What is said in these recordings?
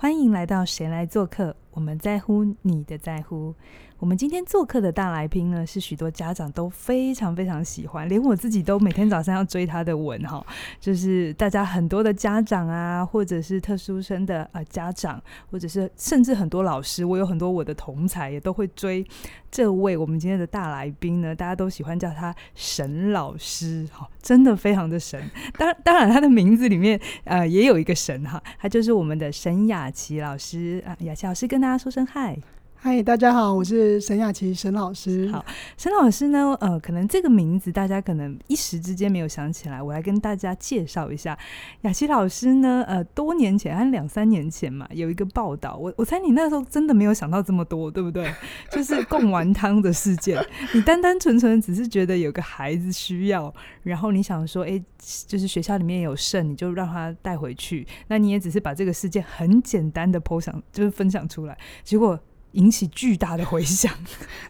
歡迎來到誰來做客。我們在乎你的在乎。我們今天做客的大來賓呢，是許多家長都非常非常喜歡，連我自己都每天早上要追他的文哈。就是大家很多的家長啊，或者是特殊生的啊家長，或者是甚至很多老師，我有很多我的同儕，也都會追這位我們今天的大來賓呢。大家都喜歡叫他沈老師，真的非常的神。當當然他的名字裡面呃也有一個神哈，他就是我們的沈雅琪老師啊，雅琪老師跟他說聲嗨。嗨，大家好，我是沈雅琪沈老師。好，沈老師呢，呃，可能這個名字大家可能一時之間沒有想起來，我來跟大家介紹一下。雅琪老師呢，呃，多年前，還是兩三年前嘛，有一個報道，我我猜你那時候真的沒有想到這麼多，對不對？ 就是貢丸湯的事件，你單單純純只是覺得有個孩子需要，然後你想說，哎、欸，就是學校裡面有剩，你就讓他帶回去，那你也只是把這個事件很簡單的剖想，就是分享出來，結果。引起巨大的回響，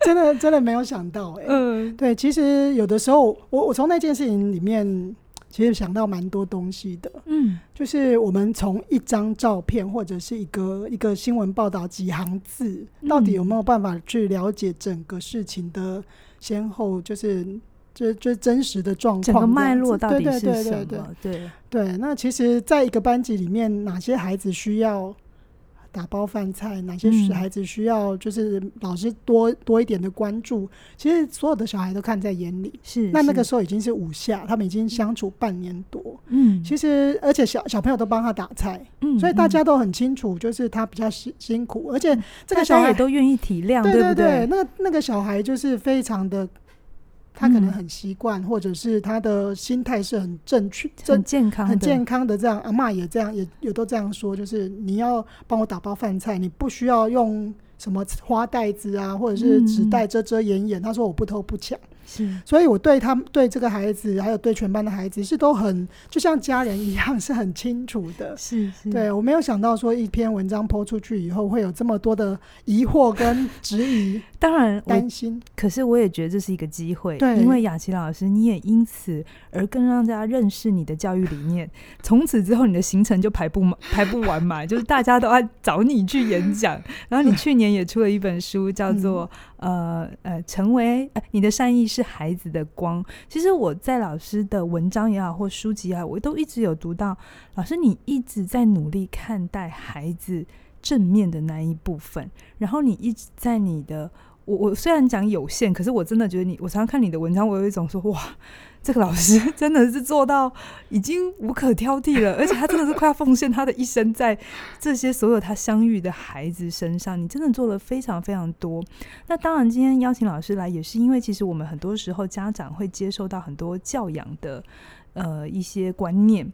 真的真的沒有想到哎、欸。嗯，對，其實有的時候，我我從那件事情裡面，其實想到蠻多東西的。嗯，就是我們從一張照片或者是一個一個新聞報道幾行字、嗯，到底有沒有辦法去了解整個事情的先後、就是，就是就就真實的狀況，整個脈絡到底是什麼？對對,對,對,對,對,對。那其實，在一個班級裡面，哪些孩子需要？打包飯菜，哪些孩子需要就是老師多、嗯、多一點的關注？其實所有的小孩都看在眼裡。是，是那那個時候已經是五下，他們已經相處半年多。嗯，其實而且小小朋友都幫他打菜，嗯，所以大家都很清楚，就是他比較辛辛苦、嗯，而且這個小孩他他都願意體諒，對不對？對對對，那那個小孩就是非常的。他可能很習慣、嗯，或者是他的心態是很正確、很健康、很健康的這樣，阿嬤也這樣，也也都這樣說，就是你要幫我打包飯菜，你不需要用什麼花袋子啊，或者是紙袋遮遮掩掩、嗯。他說我不偷不搶。是，所以我對他們、對這個孩子，還有對全班的孩子，是都很就像家人一樣，是很清楚的。是，是，對我沒有想到說一篇文章拋出去以後，會有這麼多的疑惑跟質疑，當然擔心。可是我也覺得這是一個機會對，因為雅琪老師，你也因此而更讓大家認識你的教育理念。從此之後，你的行程就排不完，排不完嘛， 就是大家都愛找你去演講。然後你去年也出了一本書，叫做《嗯、呃呃，成為、呃、你的善意》。是孩子的光。其實我在老師的文章也好，或書籍也好，我都一直有讀到。老師，你一直在努力看待孩子正面的那一部分，然後你一直在你的。我我雖然講有限，可是我真的覺得你，我常常看你的文章，我有一種說哇，這個老師真的是做到已經無可挑剔了，而且他真的是快要奉獻他的一生在這些所有他相遇的孩子身上。你真的做了非常非常多。那當然，今天邀請老師來也是因為，其實我們很多時候家長會接受到很多教養的，呃，一些觀念。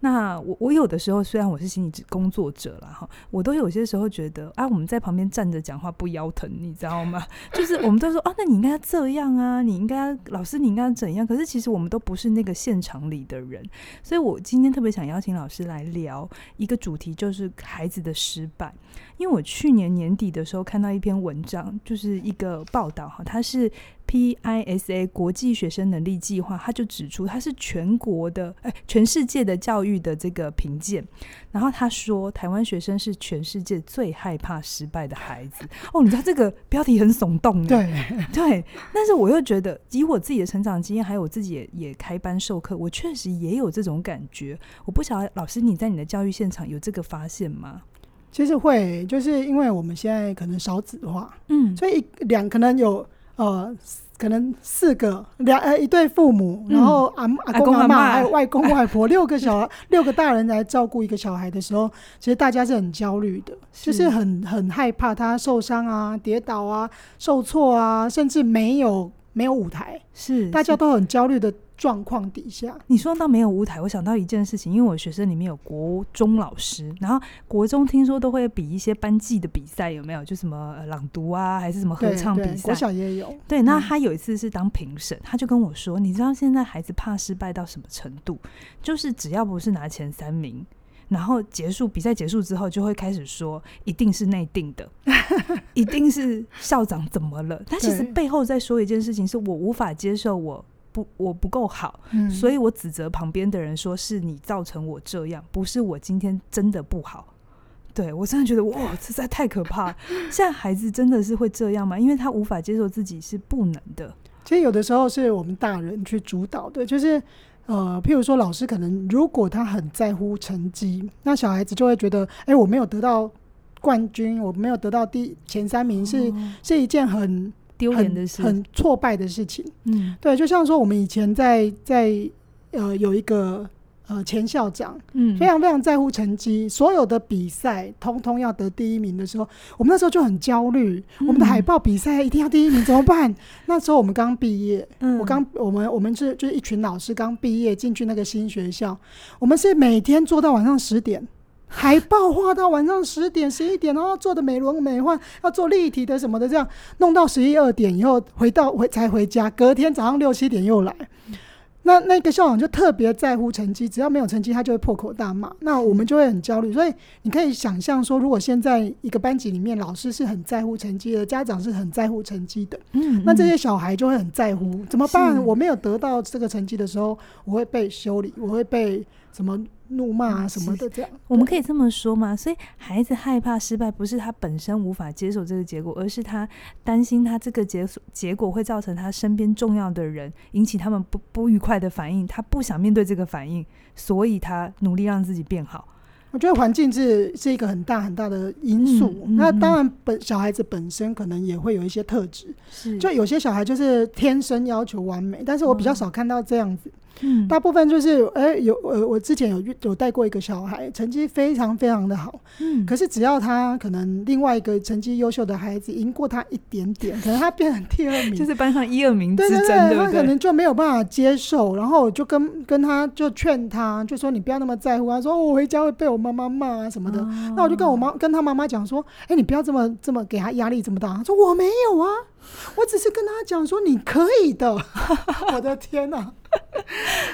那我我有的時候，雖然我是心理工作者了哈，我都有些時候覺得啊，我們在旁邊站着講話不腰疼，你知道嗎？就是我們都說啊，那你應該這樣啊，你應該老師你應該怎樣？可是其實我們都不是那個現場裡的人，所以我今天特別想邀請老師來聊一個主題，就是孩子的失敗。因為我去年年底的時候看到一篇文章，就是一個報道哈，它是。PISA 國際學生能力計劃，他就指出，他是全國的、欸、全世界的教育的這個評鑑。然後他說，台灣學生是全世界最害怕失敗的孩子。哦，你知道這個標題很聳動的，對對。但是我又覺得，以我自己的成長經驗，還有我自己也也開班授課，我確實也有這種感覺。我不曉得老師你在你的教育現場有這個發現嗎？其實會，就是因為我們現在可能少子化，嗯，所以一兩可能有。呃，可能四個兩呃一對父母，嗯、然後阿阿公阿嬤還有外公外婆六個小孩 六個大人來照顧一個小孩的時候，其實大家是很焦慮的，是就是很很害怕他受傷啊、跌倒啊、受挫啊，甚至沒有沒有舞台，是大家都很焦慮的。狀況底下，你說到沒有舞台，我想到一件事情，因為我學生裡面有國中老師，然後國中聽說都會比一些班級的比賽，有沒有？就什麼朗讀啊，還是什麼合唱比賽？國小也有。對，那他有一次是當評審，他就跟我說、嗯，你知道現在孩子怕失敗到什麼程度？就是只要不是拿前三名，然後結束比賽結束之後，就會開始說一定是內定的， 一定是校長怎麼了？但 其實背後在說一件事情，是我無法接受我。不，我不夠好，嗯、所以我指責旁邊的人，說是你造成我這樣，不是我今天真的不好。對，我真的覺得哇，實在太可怕。現在孩子真的是會這樣嗎？因為他無法接受自己是不能的。其實有的時候是我們大人去主導，的，就是呃，譬如說老師可能如果他很在乎成績，那小孩子就會覺得，哎、欸，我沒有得到冠軍，我沒有得到第前三名是，是、哦、是一件很。丟臉的事情，很挫敗的事情。嗯，對，就像說我們以前在在呃有一個呃前校長，嗯，非常非常在乎成績，所有的比賽通通要得第一名的時候，我們那時候就很焦慮。我們的海報比賽一定要第一名，嗯，怎麼辦？那時候我們剛畢業，嗯，我剛我們我們是就是一群老師剛畢業進去那個新學校，我們是每天做到晚上十點。海報畫到晚上十點、十一點，然後做的美輪美奐，要做立體的什麼的，這樣弄到十一二點以後，回到回才回家。隔天早上六七點又來。那那個校長就特別在乎成績，只要沒有成績，他就會破口大罵。那我們就會很焦慮。所以你可以想象說，如果現在一個班級裡面，老師是很在乎成績的，家長是很在乎成績的，嗯，嗯，那這些小孩就會很在乎。怎麼辦？我沒有得到這個成績的時候，我會被修理，我會被。什麼怒罵啊什麼的，這樣、嗯、我們可以這麼說嗎？所以孩子害怕失敗，不是他本身無法接受這個結果，而是他擔心他這個結結果會造成他身邊重要的人引起他們不不愉快的反應，他不想面對這個反應，所以他努力讓自己變好。我覺得環境是是一個很大很大的因素。嗯、那當然本小孩子本身可能也會有一些特質，是、就有些小孩就是天生要求完美，但是我比較少看到這樣子。嗯嗯，大部分就是，哎、欸，有呃，我之前有有帶過一個小孩，成績非常非常的好，嗯，可是只要他可能另外一個成績優秀的孩子贏過他一點點，可能他變成第二名，就是班上一二名之爭，對對對，對不對？他可能就沒有辦法接受，然後我就跟跟他就勸他，就說你不要那麼在乎啊，他說我回家會被我媽媽罵啊什麼的、啊。那我就跟我媽跟他媽媽講說，哎、欸，你不要這麼這麼給他壓力這麼大。他說我沒有啊，我只是跟他講說你可以的。 我的天哪、啊！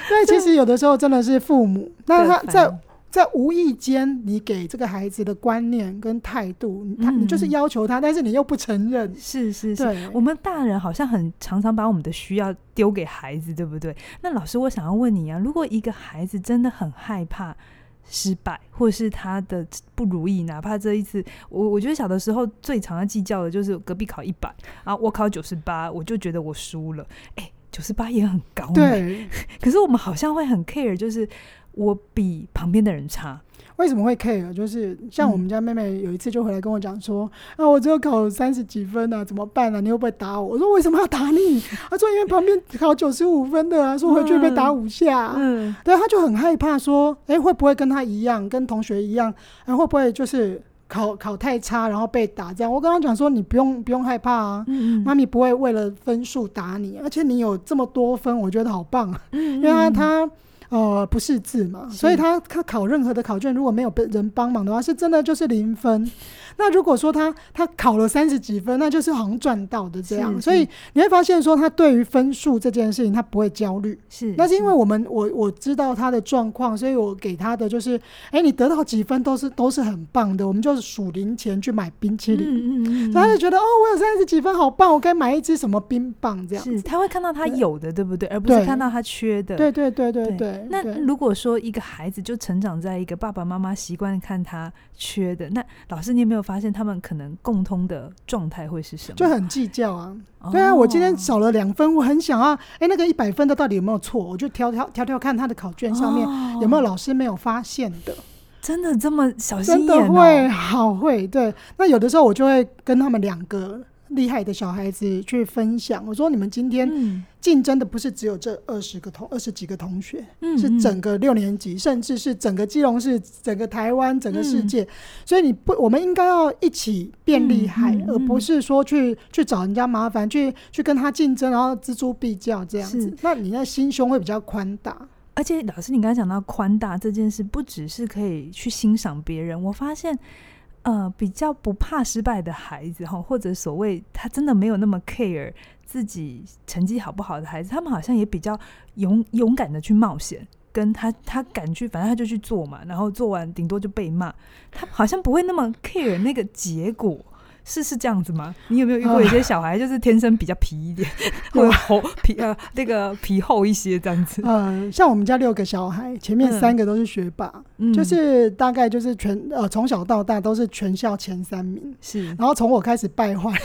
但 其實有的時候真的是父母，那他在在無意間，你給這個孩子的觀念跟態度，他、嗯、你就是要求他，但是你又不承認。是是是，我們大人好像很常常把我們的需要丟給孩子，對不對？那老師，我想要問你啊，如果一個孩子真的很害怕失敗，或是他的不如意，哪怕這一次，我我覺得小的時候最常要計較的就是隔壁考一百啊，我考九十八，我就覺得我輸了。欸九十八也很高，對。 可是我們好像會很 care，就是我比旁邊的人差，為什麼會 care？就是像我們家妹妹有一次就回來跟我講說：“那、嗯啊、我只有考三十幾分呢？、啊，怎麼辦呢、啊？你會不會打我？”我說：“為什麼要打你？”她 說：“因為旁邊考九十五分的啊，說回去被打五下、啊。嗯”對，他就很害怕說：“誒、欸，會不會跟他一樣，跟同學一樣？然後、欸、會不會就是？”考考太差，然後被打這樣。我剛剛講說，你不用不用害怕啊、嗯，媽咪不會為了分數打你，而且你有這麼多分，我覺得好棒，嗯、因為他。他呃，不識字嘛，所以他他考任何的考卷，如果沒有被人幫忙的話，是真的就是零分。那如果說他他考了三十幾分，那就是好像賺到的這樣。是是。所以你會發現說，他對於分數這件事情，他不會焦慮。是，是，那是因為我們我我知道他的狀況，所以我給他的就是，哎、欸，你得到幾分都是都是很棒的，我們就是數零錢去買冰淇淋。嗯嗯嗯。所以他就覺得哦，我有三十幾分，好棒，我該買一支什麼冰棒這樣。是，他會看到他有的，對不對？而不是看到他缺的。對對對對對。對那如果說一個孩子就成長在一個爸爸媽媽習慣看他缺的，那老師，你有沒有發現他們可能共通的狀態會是什麼？就很計較啊。Oh. 對啊，我今天少了兩分，我很想要，哎、欸，那個一百分的到底有沒有錯？我就挑挑挑挑看他的考卷上面、oh. 有沒有老師沒有發現的。真的這麼小心眼、哦？真的會好會？對。那有的時候我就會跟他們兩個。厲害的小孩子去分享，我說，你們今天競爭的不是只有這二十個同二十幾個同學，是整個六年級，甚至是整個基隆市、整個台灣、整個世界。所以你不，我們應該要一起變厲害，而不是說去去找人家麻煩，去去跟他競爭，然後錙銖必較這樣子，那你的心胸會比較寬大。而且老師，你剛才講到寬大這件事，不只是可以去欣賞別人，我發現。呃，比較不怕失敗的孩子哈，或者所謂他真的沒有那麼 care 自己成績好不好的孩子，他們好像也比較勇勇敢的去冒險，跟他他敢去，反正他就去做嘛，然後做完頂多就被罵，他好像不會那麼 care 那個結果。是是這樣子嗎？你有沒有遇過一些小孩，就是天生比較皮一點，嗯、或者猴皮呃那個皮厚一些這樣子？嗯像我們家六個小孩，前面三個都是學霸，嗯、就是大概就是全呃從小到大都是全校前三名。是，然後從我開始敗壞，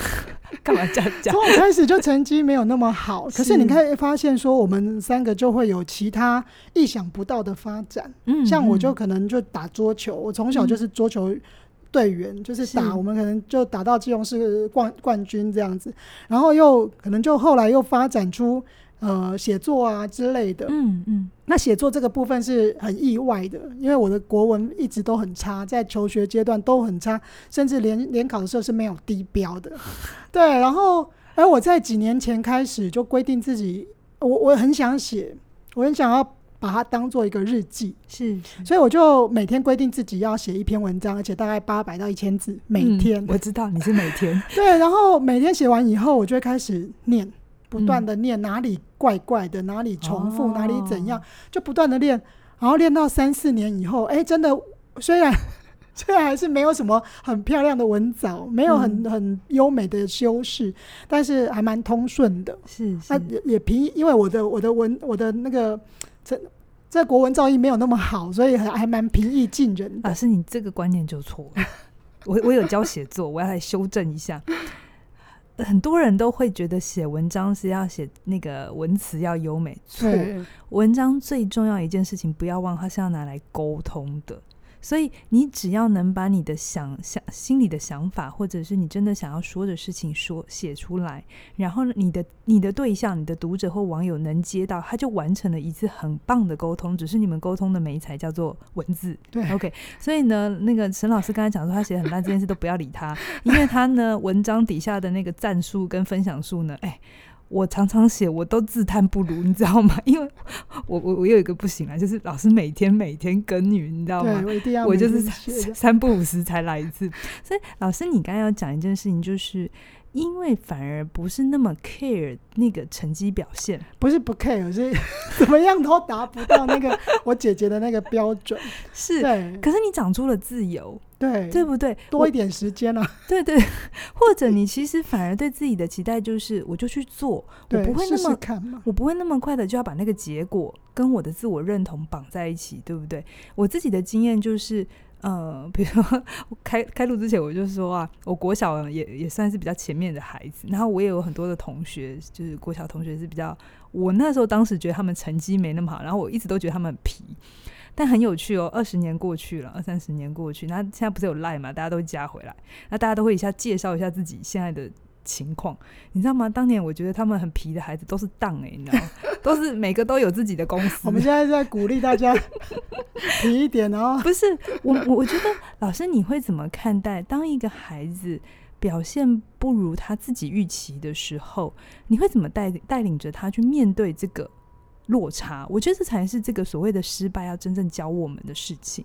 幹嘛這樣講？從我開始就成績沒有那麼好，可是你可以發現說我們三個就會有其他意想不到的發展。嗯，嗯像我就可能就打桌球，我從小就是桌球。嗯隊員就是打是，我們可能就打到基隆市冠冠軍這樣子，然後又可能就後來又發展出呃寫作啊之類的。嗯嗯，那寫作這個部分是很意外的，因為我的國文一直都很差，在求學階段都很差，甚至連聯考的時候是沒有低標的。對，然後哎、欸，我在幾年前開始就規定自己，我我很想寫，我很想要。把它當做一個日記，是，是，所以我就每天規定自己要寫一篇文章，而且大概八百到一千字每天，嗯。我知道你是每天。對，然後每天寫完以後，我就會開始念，不斷的念哪裡怪怪的，哪裡重複，嗯、哪裡怎樣，就不斷的練，然後練到三四年以後，哎、欸，真的，雖然。雖然還是沒有什麼很漂亮的文藻，沒有很、嗯、很優美的修飾，但是還蠻通順的。是是也平，因為我的我的文我的那個這這國文造詣沒有那麼好，所以還還蠻平易近人的。老師，你這個觀念就錯了。 我我有教寫作，我要來修正一下。 很多人都會覺得寫文章是要寫那個文詞要優美，錯。文章最重要一件事情，不要忘，它是要拿來溝通的。所以你只要能把你的想想心裡的想法，或者是你真的想要說的事情說寫出來，然後你的你的對象、你的讀者或網友能接到，他就完成了一次很棒的溝通。只是你們溝通的媒材叫做文字。對，OK。所以呢，那個沈老師剛才講說他寫很爛這件事都不要理他， 因為他呢，文章底下的那個贊數跟分享數呢，哎。我常常寫，我都自嘆不如，你知道嗎？因為我我我有一個不行啊，就是老師每天每天耕耘，你知道嗎？對，我一定要我就是三,三不五時才來一次。 所以老師，你剛剛要講一件事情，就是因為反而不是那麼 care 那個成績表現，不是不 care， 是怎麼樣都達不到那個我姐姐的那個標準。 是，可是你長出了自由。對對不對？多一點時間了、啊。對對，或者你其實反而對自己的期待就是，我就去做，我不會那麼，試試看嘛，我不會那麼快的就要把那個結果跟我的自我認同綁在一起，對不對？我自己的經驗就是，呃，比如說開開錄之前，我就說啊，我國小也也算是比較前面的孩子，然後我也有很多的同學，就是國小同學是比較，我那時候當時覺得他們成績沒那麼好，然後我一直都覺得他們很皮。但很有趣哦，二十年過去了，二三十年過去，那現在不是有 Line 嘛？大家都加回來，那大家都會一下介紹一下自己現在的情況，你知道嗎？當年我覺得他們很皮的孩子都是當誒、欸，你知道嗎， 都是每個都有自己的公司。 我們現在在鼓勵大家 皮一點哦。不是我，我覺得老師你會怎麼看待當一個孩子表現不如他自己預期的時候，你會怎麼帶帶領着他去面對這個？落差，我覺得這才是這個所謂的失敗要真正教我們的事情。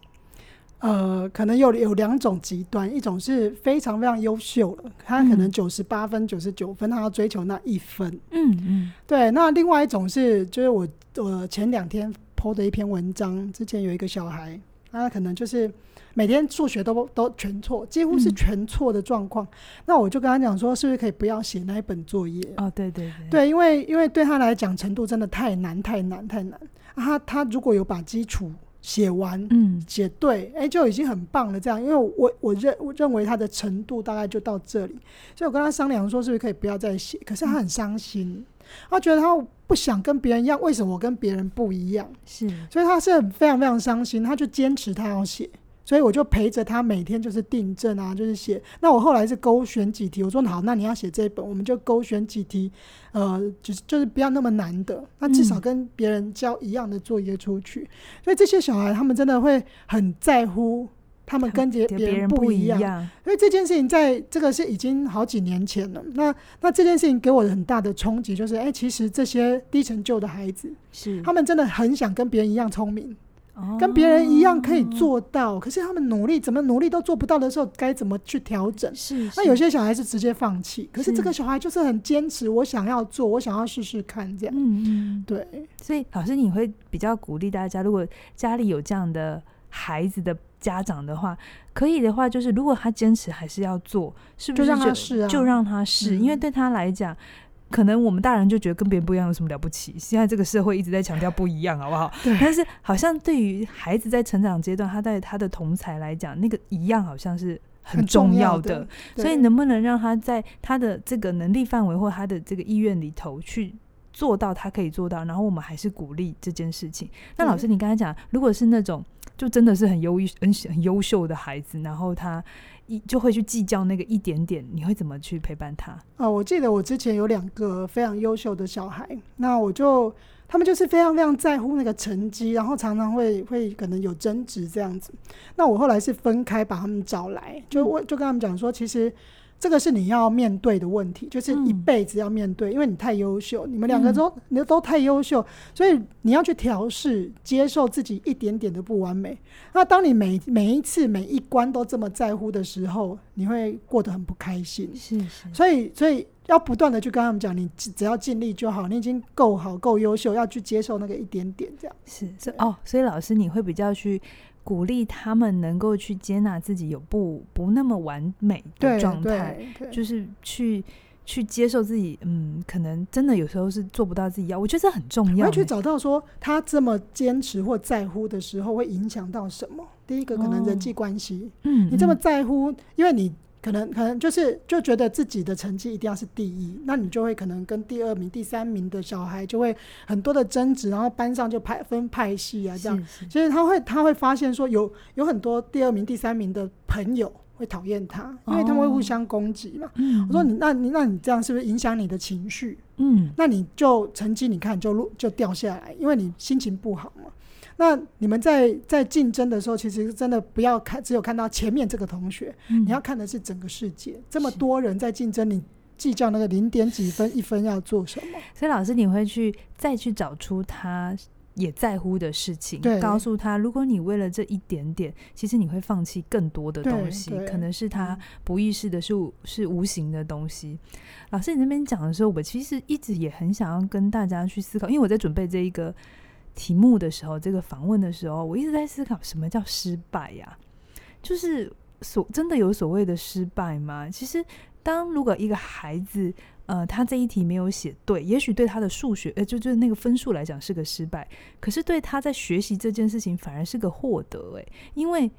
呃，可能有有兩種極端，一種是非常非常優秀了，他可能九十八分、九十九分，他要追求那一分。嗯嗯，對。那另外一種是，就是我我前兩天 PO 的一篇文章，之前有一個小孩，他可能就是。每天數學都都全錯，幾乎是全錯的狀況。嗯。那我就跟他講說，是不是可以不要寫那一本作業？哦，對對對，對，因為因為對他來講，程度真的太難太難太難。他他如果有把基礎寫完，嗯，寫對，欸，就已經很棒了。這樣，因為我我認我認為他的程度大概就到這裡，所以我跟他商量說，是不是可以不要再寫？可是他很傷心，嗯。他覺得他不想跟別人一樣，為什麼我跟別人不一樣？是，所以他是非常非常傷心，他就堅持他要寫。嗯所以我就陪着他，每天就是訂正啊，就是寫。那我後來是勾選幾題，我說好，那你要寫這一本，我們就勾選幾題，呃，就是就是不要那麼難的，那至少跟別人交一樣的作業出去。嗯、所以這些小孩他們真的會很在乎，他們跟別別人不一樣。所以這件事情在這個是已經好幾年前了。那那這件事情給我很大的衝擊，就是哎、欸，其實這些低成就的孩子是他們真的很想跟別人一樣聰明。跟別人一樣可以做到，哦、可是他們努力怎麼努力都做不到的時候，該怎麼去調整？是，是。那有些小孩是直接放棄，可是這個小孩就是很堅持，我想要做，我想要試試看，這樣。嗯對。所以老師，你會比較鼓勵大家，如果家裡有這樣的孩子的家長的話，可以的話，就是如果他堅持還是要做，是不是就讓他試？就讓他試、啊嗯，因為對他來講。可能我們大人就覺得跟別人不一樣有什麼了不起？現在這個社會一直在強調不一樣，好不好？對。但是好像對於孩子在成長階段，他在他的同儕來講，那個一樣好像是很重要的。所以能不能讓他在他的這個能力範圍或他的這個意願裡頭去做到他可以做到，然後我們還是鼓勵這件事情。那老師，你剛才講，如果是那種就真的是很優異、很很優秀的孩子，然後他。就會去計較那個一點點，你會怎麼去陪伴他？哦，我記得我之前有兩個非常優秀的小孩，那我就他們就是非常非常在乎那個成績，然後常常會會可能有爭執這樣子。那我後來是分開把他們找來，就我，嗯，就跟他們講說，其實。這個是你要面對的問題，就是一輩子要面對，嗯、因為你太優秀，你們兩個都、嗯、你都太優秀，所以你要去調適接受自己一點點的不完美。那當你每每一次每一關都這麼在乎的時候，你會過得很不開心。是是，所以所以要不斷的去跟他們講，你只要盡力就好，你已經夠好夠優秀，要去接受那個一點點這樣。是是哦，所以老師你會比較去。鼓勵他們能夠去接納自己有不不那麼完美的狀態，就是去去接受自己。嗯，可能真的有時候是做不到自己要，我覺得這很重要。要去找到說他這麼堅持或在乎的時候，會影響到什麼？第一個可能人際關係、哦嗯。嗯，你這麼在乎，因為你。可能可能就是就覺得自己的成績一定要是第一，那你就會可能跟第二名、第三名的小孩就會很多的爭執，然後班上就派分派系啊這樣，是是，其實他會他會發現說有有很多第二名、第三名的朋友會討厭他，因為他們會互相攻擊嘛。哦，嗯。我說你那你那你這樣是不是影響你的情緒？嗯，那你就成績你看就落就掉下來，因為你心情不好嘛。那你們在在競爭的時候，其實真的不要看，只有看到前面這個同學，嗯、你要看的是整個世界，這麼多人在競爭，你計較那個零點幾分一分要做什麼？所以老師，你會去再去找出他也在乎的事情，告訴他，如果你為了這一點點，其實你會放棄更多的東西，可能是他不意識的是，是、嗯、是無形的東西。老師，你那邊講的時候，我其實一直也很想要跟大家去思考，因為我在準備這一個。題目的時候，這個訪問的時候，我一直在思考什麼叫失敗呀？就是所真的有所謂的失敗嗎？其實，當如果一個孩子，呃，他這一題沒有寫對，也許對他的數學，呃，就就那個分數來講是個失敗，可是對他在學習這件事情反而是個獲得欸，因為。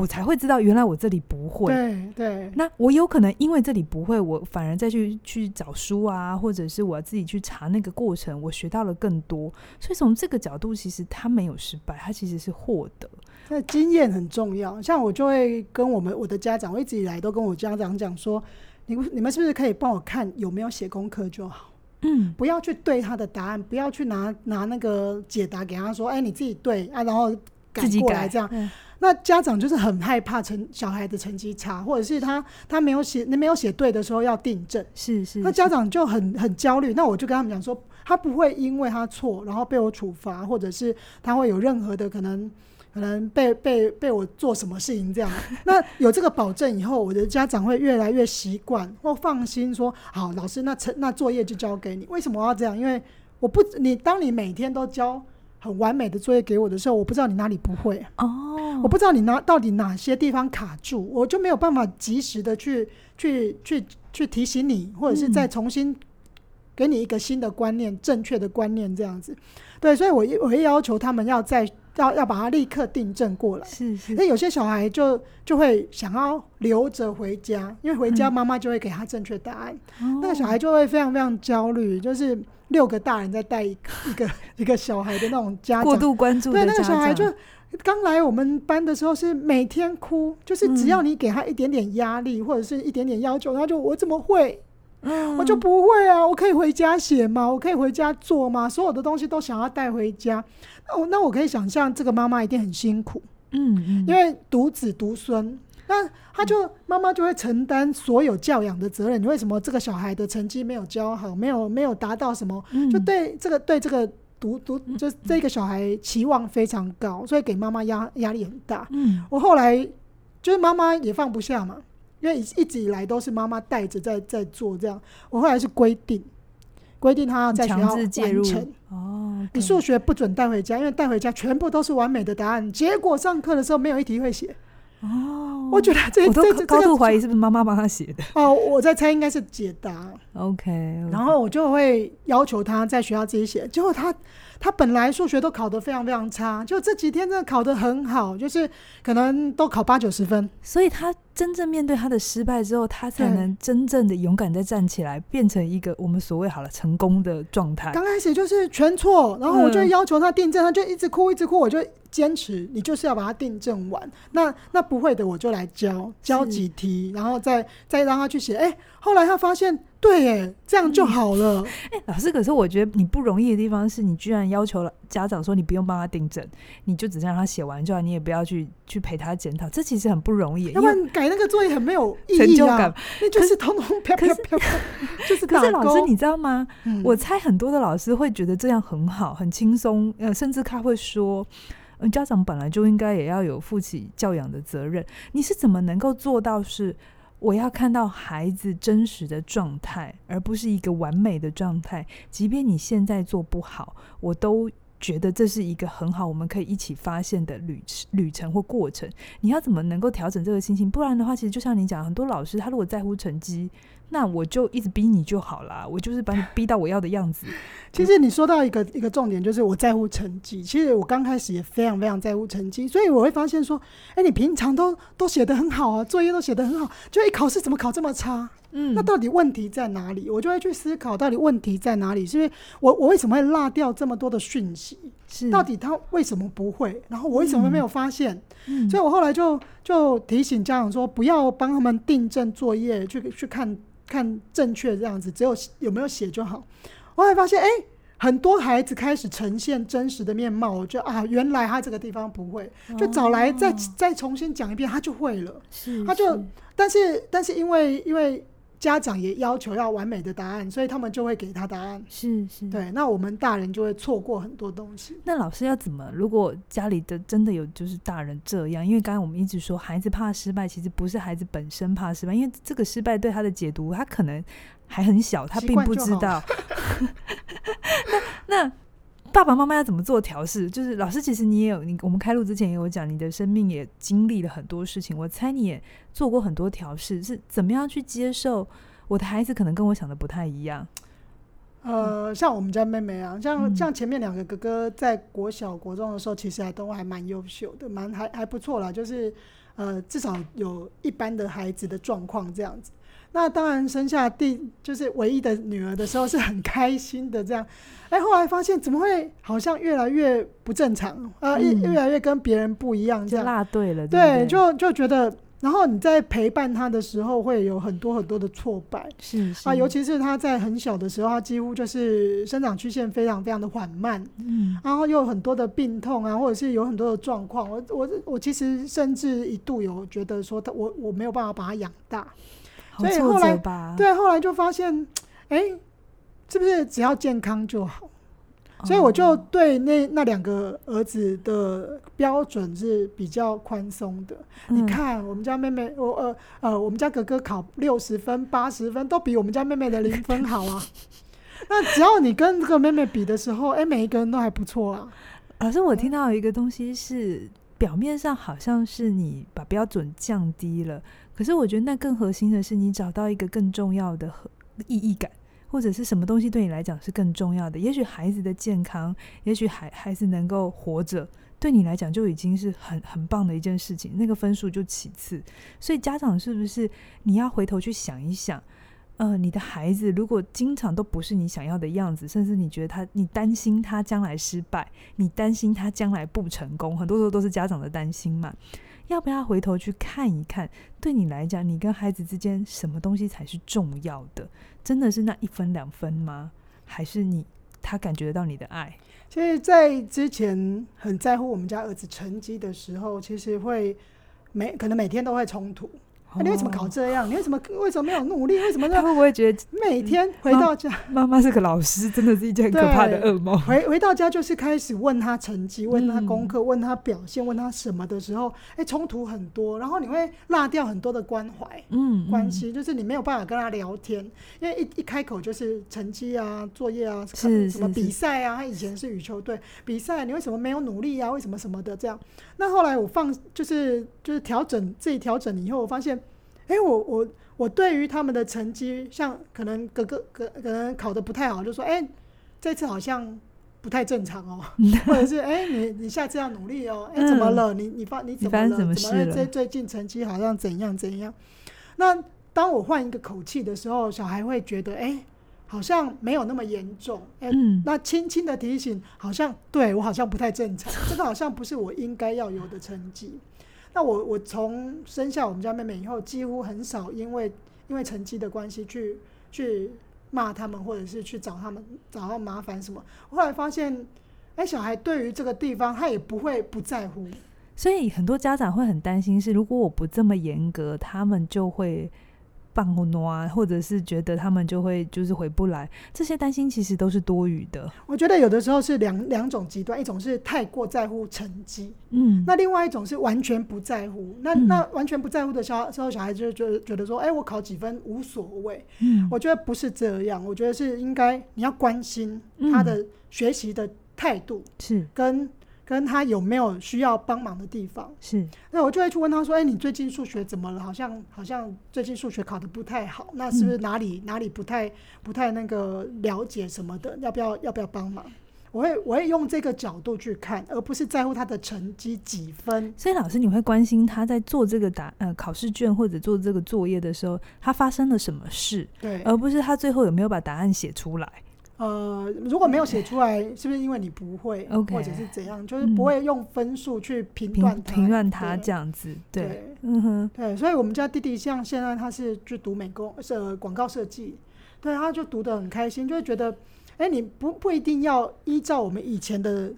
我才會知道，原來我這裡不會。對對。那我有可能因為這裡不會，我反而再去去找書啊，或者是我自己去查那個過程，我學到了更多。所以從這個角度，其實他沒有失敗，他其實是獲得。那經驗很重要。像我就會跟我們我的家長，我一直以來都跟我家長講說：“你你們是不是可以幫我看有沒有寫功課就好？嗯，不要去對他的答案，不要去拿拿那個解答給他說，哎，你自己對啊，然後。”自己過來這樣。嗯，那家長就是很害怕成小孩的成績差，或者是他他沒有寫沒有寫對的時候要訂正，是是，是，那家長就很很焦慮。那我就跟他們講說，他不會因為他錯然後被我處罰，或者是他會有任何的可能可能被被被我做什麼事情這樣。 那有這個保證以後，我的家長會越來越習慣，或放心說好，老師那成那作業就交給你。為什麼要這樣？因為我不你當你每天都交很完美的作業給我的時候，我不知道你哪裡不會哦，oh. 我不知道你哪到底哪些地方卡住，我就沒有辦法及時的去去去去提醒你，或者是再重新給你一個新的觀念、正確的觀念這樣子。對，所以我我會要求他們要在。要要把他立刻訂正過來，是，是。那有些小孩就就會想要留着回家，因為回家媽媽就會給他正確答案，嗯 oh. 那個小孩就會非常非常焦慮，就是六個大人在帶一個 一個小孩的那種家長過度關注，對那個小孩就剛來我們班的時候是每天哭，就是只要你給他一點點壓力、嗯、或者是一點點要求，他就我怎麼會。我就不會啊，我可以回家寫嘛，我可以回家做嘛，所有的東西都想要帶回家。那我那我可以想象，這個媽媽一定很辛苦。嗯，嗯，因為獨子獨孫，那他就媽媽、嗯、就會承擔所有教養的責任。你為什麼這個小孩的成績沒有教好，沒有沒有達到什麼、嗯？就對這個對這個獨獨，就這個小孩期望非常高，所以給媽媽壓壓力很大。嗯、我後來就是媽媽也放不下嘛。因為一直以來都是媽媽帶着在在做這樣，我後來是規定，規定他要在學校完成。哦，oh, okay. 你數學不准帶回家，因為帶回家全部都是完美的答案。結果上課的時候沒有一題會寫。哦，oh，我覺得這我都高度懷疑是不是媽媽幫他寫的。哦，我在猜應該是解答。Okay, OK，然後我就會要求他在學校自己寫，結果他。他本來數學都考得非常非常差，就這幾天真的考得很好，就是可能都考八九十分。所以他真正面對他的失敗之後，他才能真正的勇敢再站起來，變成一個我們所謂好了成功的狀態。剛開始就是全錯，然後我就要求他訂正、嗯，他就一直哭一直哭，我就堅持，你就是要把它訂正完。那那不會的，我就來教教幾題，然後再再讓他去寫。哎、欸，後來他發現。對誒，這樣就好了。嗯、哎，老師，可是我覺得你不容易的地方是，你居然要求了家長說，你不用幫他訂正，你就只是讓他寫完就完，你也不要去去陪他檢討。這其實很不容易，他們改那個作業很沒有意義、啊、成就感，那就是通通啪啪啪。就是可是老師，你知道嗎、嗯？我猜很多的老師會覺得這樣很好，很輕鬆。呃、嗯，甚至他會說、嗯，家長本來就應該也要有負起教養的責任。你是怎麼能夠做到是？我要看到孩子真實的狀態，而不是一個完美的狀態。即便你現在做不好，我都覺得這是一個很好，我們可以一起發現的旅程、旅程或過程。你要怎麼能夠調整這個心情？不然的話，其實就像你講，很多老師他如果在乎成績。那我就一直逼你就好了，我就是把你逼到我要的樣子。 其實你說到一個一個重點，就是我在乎成績。其實我剛開始也非常非常在乎成績，所以我會發現說，哎、欸，你平常都都寫得很好啊，作業都寫得很好，就一考試怎麼考這麼差？嗯，那到底問題在哪裡？我就會去思考到底問題在哪裡，是因為我我為什麼會落掉這麼多的訊息？到底他為什麼不會？然後我為什麼沒有發現？嗯嗯、所以，我後來就就提醒家長說，不要幫他們訂正作業，去去看看正確這樣子，只有有沒有寫就好。後來發現，誒、欸，很多孩子開始呈現真實的面貌，我覺得啊，原來他這個地方不會，就找來再、哦、再重新講一遍，他就會了。是，是，他就，但是但是因為因為。家長也要求要完美的答案，所以他們就會給他答案。是是，對。那我們大人就會錯過很多東西。那老師要怎麼？如果家裡的真的有就是大人這樣，因為剛才我們一直說，孩子怕失敗，其實不是孩子本身怕失敗，因為這個失敗對他的解讀，他可能還很小，他並不知道。那 那。那爸爸媽媽要怎麼做調適？就是老師，其實你也有你，我們開錄之前也有講，你的生命也經歷了很多事情。我猜你也做過很多調適，是怎麼樣去接受我的孩子可能跟我想的不太一樣？呃，像我們家妹妹啊，像、嗯、像前面兩個哥哥在國小、國中的時候，其實還都還蠻優秀的，蠻還還不錯啦。就是呃，至少有一般的孩子的狀況這樣子。那當然，生下第，就是唯一的女兒的時候是很開心的，這樣，哎，後來發現怎麼會好像越來越不正常啊，越、嗯呃嗯、越來越跟別人不一樣，這樣。就辣對了對對，對，就就覺得，然後你在陪伴她的時候會有很多很多的挫敗，是，是啊，尤其是她在很小的時候，她幾乎就是生長曲線非常非常的緩慢，嗯，然後又有很多的病痛啊，或者是有很多的狀況，我我我其實甚至一度有覺得說，她我我沒有辦法把她養大。所以後來，對，後來就發現，哎，是不是只要健康就好？所以我就對那那兩個兒子的標準是比較寬鬆的。你看，我們家妹妹，我呃呃，我們家哥哥考六十分、八十分，都比我們家妹妹的零分好啊。那只要你跟這個妹妹比的時候，哎，每一個人都還不錯啊。老師，我聽到有一個東西是，表面上好像是你把標準降低了。可是我覺得那更核心的是，你找到一個更重要的意義感，或者是什麼東西對你來講是更重要的。也許孩子的健康，也許孩孩子能夠活着，對你來講就已經是很很棒的一件事情。那個分數就其次。所以家長是不是你要回頭去想一想，呃，你的孩子如果經常都不是你想要的樣子，甚至你覺得他，你擔心他將來失敗，你擔心他將來不成功，很多時候都是家長的擔心嘛。要不要回頭去看一看？對你來講，你跟孩子之間什麼東西才是重要的？真的是那一分兩分嗎？還是你他感覺得到你的愛？其實在之前很在乎我們家兒子成績的時候，其實會每可能每天都會衝突。欸、你為什麼考這樣？你為什麼為什麼沒有努力？為什麼他會不會覺得每天回到家，媽、嗯、媽是個老師，真的是一件很可怕的噩夢。回回到家就是開始問他成績，問他功課，問他表現，嗯，問他什麼的時候，哎、欸，衝突很多，然後你會落掉很多的關懷，嗯，嗯，關係就是你沒有辦法跟他聊天，因為一一開口就是成績啊、作業啊、是是是什麼比賽啊。他以前是羽球隊比賽，你為什麼沒有努力啊？為什麼什麼的這樣？那後來我放就是就是調整自己，調整以後，我發現。哎、欸，我我我對於他們的成績，像可能哥哥哥可能考得不太好，就說哎、欸，這次好像不太正常哦， 或者是哎、欸，你你下次要努力哦哎、 欸，嗯、怎麼了？你你發你怎麼了？怎麼了最最近成績好像怎樣怎樣？那當我換一個口氣的時候，小孩會覺得哎、欸，好像沒有那麼嚴重。欸、嗯，那輕輕的提醒，好像對我好像不太正常，這個好像不是我應該要有的成績。那我我從生下我們家妹妹以後，幾乎很少因為因為成績的關係去去罵他們，或者是去找他們找他們麻煩什麼。後來發現，哎，小孩對於這個地方他也不會不在乎。所以很多家長會很擔心是，如果我不這麼嚴格，他們就會。放不挪啊，或者是覺得他們就會就是回不來，這些擔心其實都是多餘的。我覺得有的時候是兩兩種極端，一種是太過在乎成績，嗯，那另外一種是完全不在乎。那、嗯、那完全不在乎的小，小，小孩就就覺得說，哎、欸，我考幾分無所謂。嗯，我覺得不是這樣，我覺得是應該你要關心他的學習的態度是跟。跟他有沒有需要幫忙的地方？是，那我就會去問他說：“哎、欸，你最近數學怎麼了？好像好像最近數學考得不太好，那是不是哪裡、嗯、哪裡不太不太那個了解什麼的？要不要要不要幫忙？我會我會用這個角度去看，而不是在乎他的成績幾分。所以老師你會關心他在做這個答呃考試卷或者做這個作業的時候，他發生了什麼事？對，而不是他最後有沒有把答案寫出來。”呃，如果沒有寫出來，Okay. 是不是因為你不會，Okay. 或者是怎樣？就是不會用分數去評斷評斷他這樣子，對，對，嗯哼，對。所以，我們家弟弟像現在他是去讀美工，是呃，廣告設計。對，他就讀得很開心，就會覺得，哎、欸，你不不一定要依照我們以前的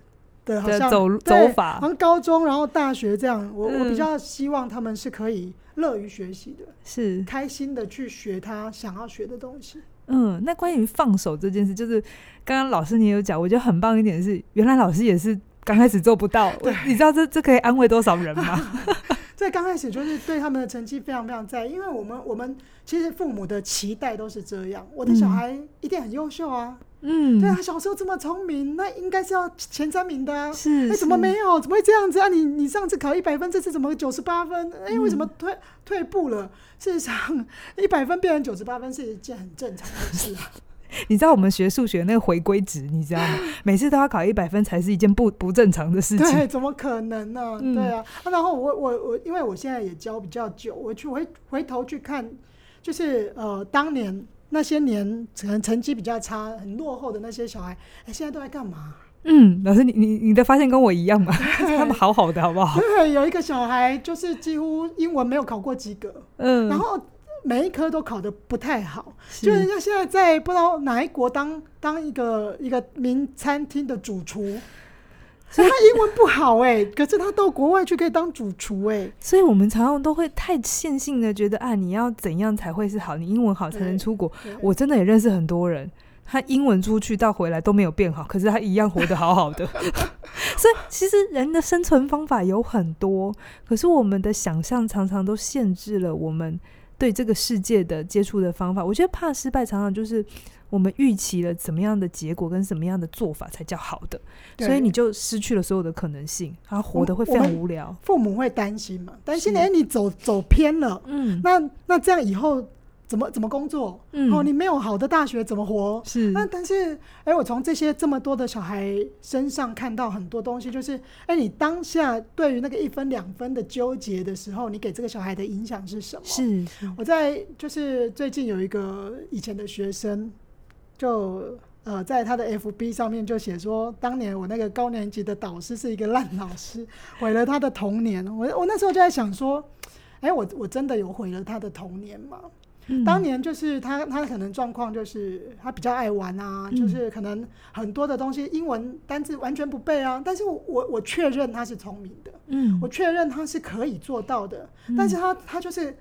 的好像走走法，從高中然後大學這樣。我、嗯、我比較希望他們是可以樂於學習的，是開心的去學他想要學的東西。嗯，那關於放手這件事，就是剛剛老師你也有講，我覺得很棒一點是，原來老師也是剛開始做不到，你知道這這可以安慰多少人嗎？ 在剛開始就是對他們的成績非常非常在意，因為我們我們其實父母的期待都是這樣，我的小孩一定很優秀啊。嗯嗯，對，他小時候這麼聰明，那應該是要前三名的、啊。是，那、欸、怎麼沒有？怎麼會這樣子啊？你你上次考一百分，這次怎麼九十八分？哎、欸，為什麼退、嗯、退步了？事實上，一百分變成九十八分是一件很正常的事啊。 你知道我們學數學的那個迴歸值，你知道嗎？ 每次都要考一百分才是一件不不正常的事情。對，怎麼可能呢、啊嗯？對啊。然後我我我，因為我現在也教比較久，我去我回回頭去看，就是呃，當年。那些年成成績比較差，很落後的那些小孩，哎，現在都在幹嘛？嗯，老師，你你你的發現跟我一樣嗎？ 他們好好的，好不好？對，有一個小孩就是幾乎英文沒有考過及格，嗯，然後每一科都考得不太好，是就人，是，家現在在不知道哪一國當當一個一個名餐廳的主廚。所以他英文不好誒、欸， 可是他到國外去可以當主廚誒、欸。所以我們常常都會太線性的覺得啊，你要怎樣才會是好？你英文好才能出國、嗯嗯。我真的也認識很多人，他英文出去到回來都沒有變好，可是他一樣活得好好的。 所以其實人的生存方法有很多，可是我們的想象常常都限制了我們。對這個世界的接觸的方法，我覺得怕失敗常常就是我們預期了怎麼樣的結果跟怎麼樣的做法才叫好的，對對，所以你就失去了所有的可能性，然後活得會非常無聊。父母會擔心嘛，擔心的、哎，你走走偏了，嗯，那那這樣以後。怎麼怎麼工作、嗯？哦，你沒有好的大學怎麼活？是那但是哎、欸，我從這些這麼多的小孩身上看到很多東西，就是哎、欸，你當下對於那個一分兩分的糾結的時候，你給這個小孩的影響是什麼？是，是我在就是最近有一個以前的學生就，就呃在他的 FB 上面就寫說，當年我那個高年級的導師是一個爛老師，毀 了他的童年。我我那時候就在想說，哎、欸，我我真的有毀了他的童年嗎？嗯、當年就是他，他可能狀況就是他比較愛玩啊、嗯，就是可能很多的東西英文單字完全不背啊。但是我我我確認他是聰明的，嗯，我確認他是可以做到的。嗯、但是他他就是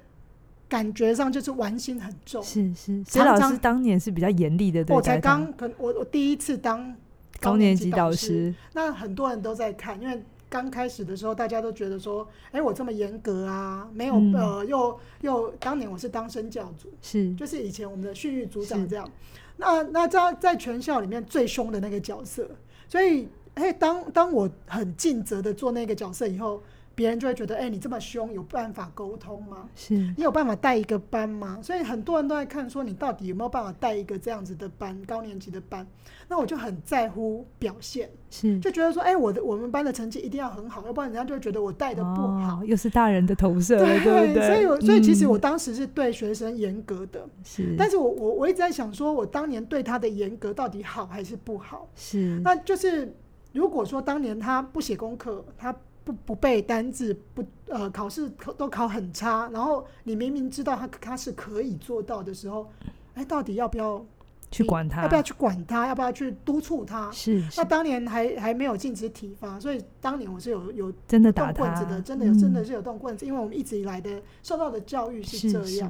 感覺上就是玩心很重，是是,是。謝老師當年是比較嚴厲的，我才剛，可我我第一次當高年級導師,師，那很多人都在看，因為。剛開始的時候，大家都覺得說：“哎、欸，我這麼嚴格啊，沒有、嗯、呃，又又當年我是當生教主，是就是以前我們的訓育組長這樣，那那在在全校裡面最凶的那個角色，所以，嘿、欸，當當我很盡責的做那個角色以後。”別人就會覺得，哎、欸，你這麼凶，有辦法溝通嗎？是。你有辦法帶一個班嗎？所以很多人都在看，說你到底有沒有辦法帶一個這樣子的班，高年級的班？那我就很在乎表現，是。就覺得說，哎、欸，我的我們班的成績一定要很好，要不然人家就會覺得我帶的不好、哦。又是大人的投射，對對，對對。所以我所以其實我當時是對學生嚴格的，是、嗯。但是我我我一直在想，說我當年對他的嚴格到底好還是不好？是。那就是如果說當年他不寫功課，他。不不背單字，不呃考試考都考很差，然後你明明知道他他是可以做到的時候，哎，到底要不要去管他，嗯？要不要去管他？要不要去督促他？是，是。那當年還還沒有禁止體罰，所以當年我是有有真的打棍子的，真的有真的是有動棍子，嗯、因為我們一直以來的受到的教育是這樣。是是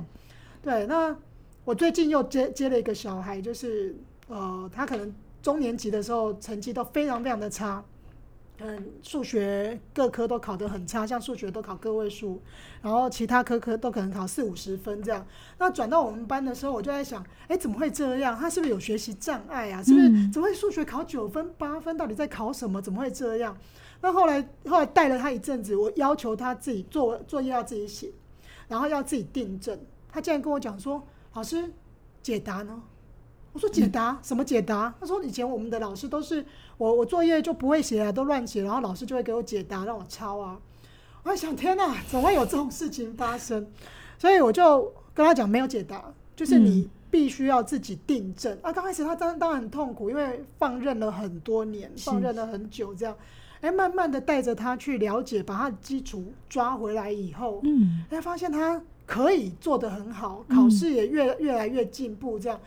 對。那我最近又接接了一個小孩，就是呃，他可能中年級的時候成績都非常非常的差。嗯，數學各科都考得很差，像數學都考個位數，然後其他科科都可能考四五十分這樣。那轉到我們班的時候，我就在想，哎、欸，怎麼會這樣？他是不是有學習障礙啊？是不是？怎麼會數學考九分八分？到底在考什麼？怎麼會這樣？那後來後來帶了他一陣子，我要求他自己做作業要自己寫，然後要自己訂正。他竟然跟我講說：“老師，解答呢？”我說，解答、嗯、什麼解答？他說，以前我們的老師都是我我作業就不會寫來都亂寫，然後老師就會給我解答讓我抄啊。我還想，天哪，怎麼會有這種事情發生？ 所以我就跟他講沒有解答，就是你必須要自己訂正、嗯、啊。剛開始他當當然很痛苦，因為放任了很多年，放任了很久這樣。哎，慢慢的帶着他去了解，把他的基礎抓回來以後，嗯，哎，發現他可以做得很好，嗯、考試也越越來越進步這樣。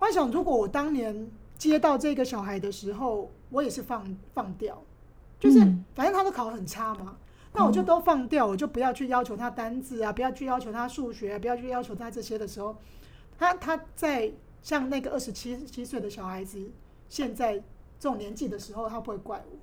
我想，如果我當年接到這個小孩的時候，我也是放放掉，就是反正他都考很差嘛，那我就都放掉，我就不要去要求他單字啊，不要去要求他數學啊，不要去要求他這些的時候，他他在像那個二十七七歲的小孩子，現在這種年紀的時候，他不會怪我。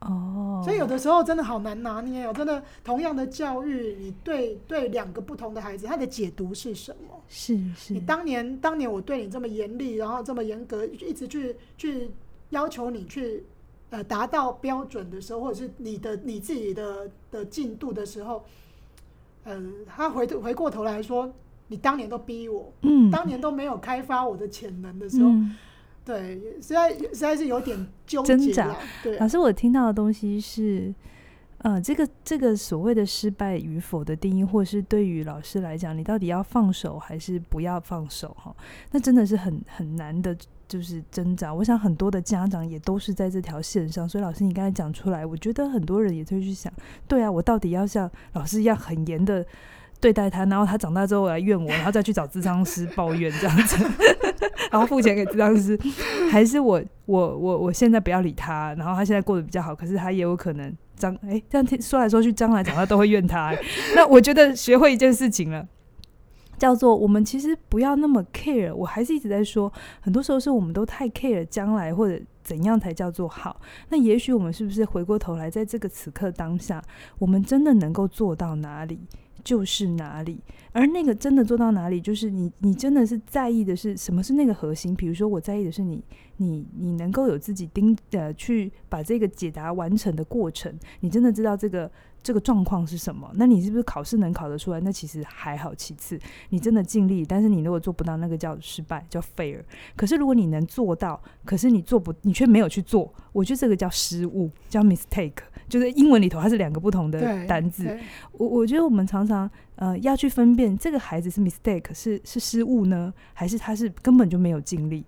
哦、oh.，所以有的時候真的好難拿捏哦，真的，同樣的教育，你對對兩個不同的孩子，他的解讀是什麼？是是，你當年當年我對你這麼嚴厲，然後這麼嚴格，一直去去要求你去呃達到標準的時候，或者是你的你自己的的進度的時候，嗯、呃，他回回過頭來說，你當年都逼我，嗯，當年都沒有開發我的潛能的時候。嗯對，實在實在是有點糾結對、啊。老師，我聽到的東西是，呃，這個這個所謂的失敗與否的定義，或是對於老師來講，你到底要放手還是不要放手？哈、哦，那真的是很很難的，就是掙扎。我想很多的家長也都是在這條線上，所以老師你剛才講出來，我覺得很多人也會去想，對啊，我到底要像老師一樣很嚴的。對待他，然後他長大之後來怨我，然後再去找諮商師抱怨這樣子， 然後付錢給諮商師，還是我我我我現在不要理他，然後他現在過得比較好，可是他也有可能將哎、欸，這樣說來說去將來長大都會怨他、欸。那我覺得學會一件事情了，叫做我們其實不要那麼 care。我還是一直在說，很多時候是我們都太 care 將來或者怎樣才叫做好。那也許我們是不是回過頭來，在這個此刻當下，我們真的能夠做到哪裡？就是哪裡，而那個真的做到哪裡，就是你，你真的是在意的是什麼，是那個核心。比如說，我在意的是你，你，你能夠有自己盯呃，去把這個解答完成的過程，你真的知道這個這個狀況是什麼。那你是不是考試能考得出來？那其實還好，其次你真的盡力，但是你如果做不到，那個叫失敗，叫 fair。可是如果你能做到，可是你做不，你卻沒有去做，我覺得這個叫失誤，叫 mistake。就是英文裡頭，它是兩個不同的單字。我我覺得我們常常呃要去分辨，這個孩子是 mistake 是是失誤呢，還是他是根本就沒有盡力？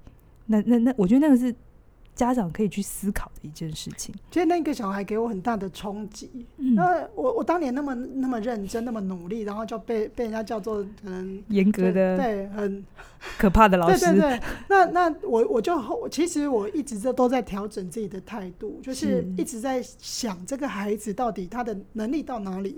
那那那，我覺得那個是家長可以去思考的一件事情。其實那個小孩給我很大的衝擊。那、嗯、我我當年那麼那麼認真，那麼努力，然後就被被人家叫做嗯嚴格的對很。可怕的老師， 對對對，那那我我就後其實我一直都在調整自己的態度，就是一直在想這個孩子到底他的能力到哪裡，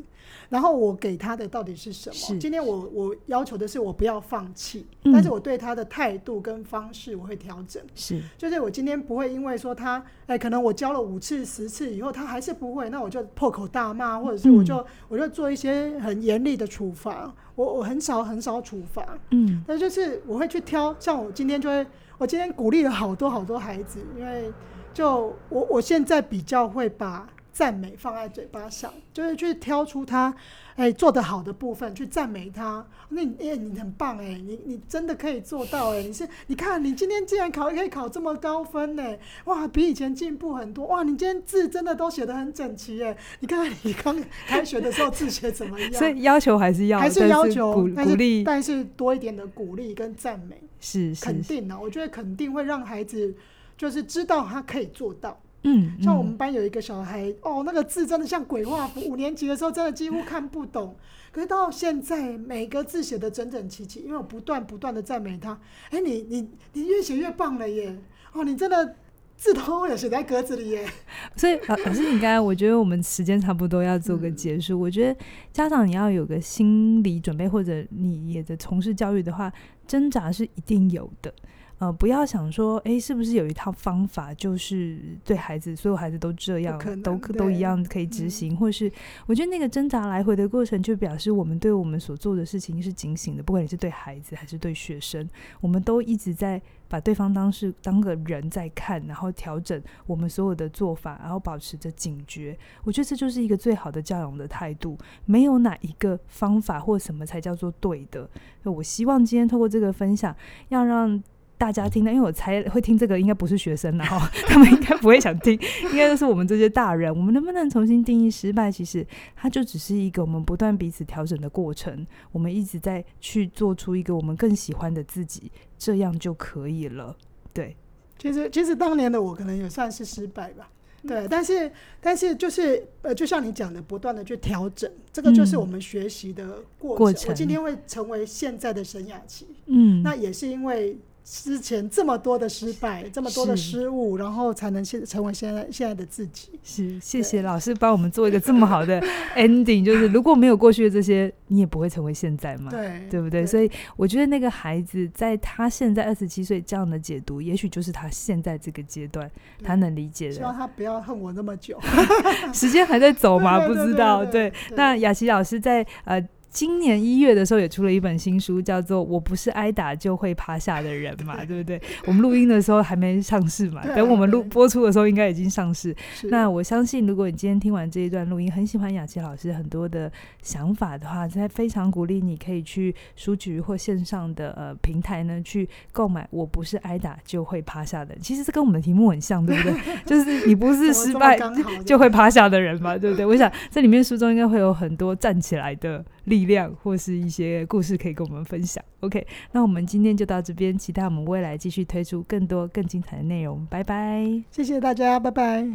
然後我給他的到底是什麼？今天我我要求的是我不要放棄，嗯，但是我對他的態度跟方式我會調整，是，就是我今天不會因為說他。可能我教了五次、十次以後，他還是不會，那我就破口大罵，或者是我就、嗯、我就做一些很嚴厲的處罰。我我很少很少處罰，嗯，但就是我會去挑。像我今天就會，我今天鼓勵了好多好多孩子，因為就我我現在比較會把。讚美放在嘴巴上，就是去挑出他、欸、做得好的部分去讚美他。那、欸、你你很棒、欸、你你真的可以做到、欸、你是你看你今天竟然考可以考這麼高分、欸、哇，比以前進步很多哇！你今天字真的都寫得很整齊、欸、你看，看你剛開學的時候字寫怎麼樣？ 所以要求還是要還是要求是鼓勵，但是多一點的鼓勵跟讚美是，是肯定的、啊。我覺得肯定會讓孩子就是知道他可以做到。嗯，像我們班有一個小孩，嗯、哦，那個字真的像鬼畫符。 五年級的時候，真的幾乎看不懂。可是到現在，每個字寫的整整齊齊，因為我不斷不斷的讚美他。哎、欸，你你你越寫越棒了耶！哦，你真的字都有寫在格子裡耶。所以，可是你剛才我覺得我們時間差不多要做個結束、 嗯。我覺得家長你要有個心理準備，或者你也在從事教育的話，掙扎是一定有的。呃，不要想說，誒，是不是有一套方法，就是對孩子所有孩子都這樣，都都一樣可以執行？嗯、或是我覺得那個掙扎來回的過程，就表示我們對我們所做的事情是警醒的。不管你是對孩子還是對學生，我們都一直在把對方當是當個人在看，然後調整我們所有的做法，然後保持着警覺。我覺得這就是一個最好的教養的態度。沒有哪一個方法或什麼才叫做對的。我希望今天透過這個分享，要讓。大家聽的，因為我猜會聽這個，應該不是學生，然後他們應該不會想聽， 應該都是我們這些大人。我們能不能重新定義失敗？其實它就只是一個我們不斷彼此調整的過程。我們一直在去做出一個我們更喜歡的自己，這樣就可以了。對，其實其實當年的我可能也算是失敗吧，對，嗯、但是但是就是呃，就像你講的，不斷的去調整，這個就是我們學習的過程，嗯、過程。我今天會成為現在的沈雅琪，嗯，那也是因為。之前這麼多的失敗，這麼多的失誤，然後才能現成為現在現在的自己。是，謝謝老師幫我們做一個這麼好的 ending。 就是如果沒有過去的這些，你也不會成為現在嘛？對，對不對？對，所以我覺得那個孩子在他現在二十七歲這樣的解讀，也許就是他現在這個階段他能理解的。希望他不要恨我那麼久， 時間還在走嘛？不知道對。對，那雅琪老師在呃。今年一月的時候也出了一本新書，叫做《我不是挨打就會趴下的人》嘛，對不對，對？我們錄音的時候還沒上市嘛，對對對，等我們錄播出的時候應該已經上市。對對對，那我相信，如果你今天聽完這一段錄音，很喜歡雅琪老師很多的想法的話，在非常鼓勵你可以去書局或線上的呃平台呢去購買《我不是挨打就會趴下的人》的。其實這跟我們的題目很像，對不對？ 就是你不是失敗怎麼這麼剛好就會趴下的人嘛，對不對？我想這裡面書中應該會有很多站起來的例。力量或是一些故事可以跟我們分享。OK，那我們今天就到這邊，期待我們未來繼續推出更多更精彩的內容。拜拜，謝謝大家，拜拜。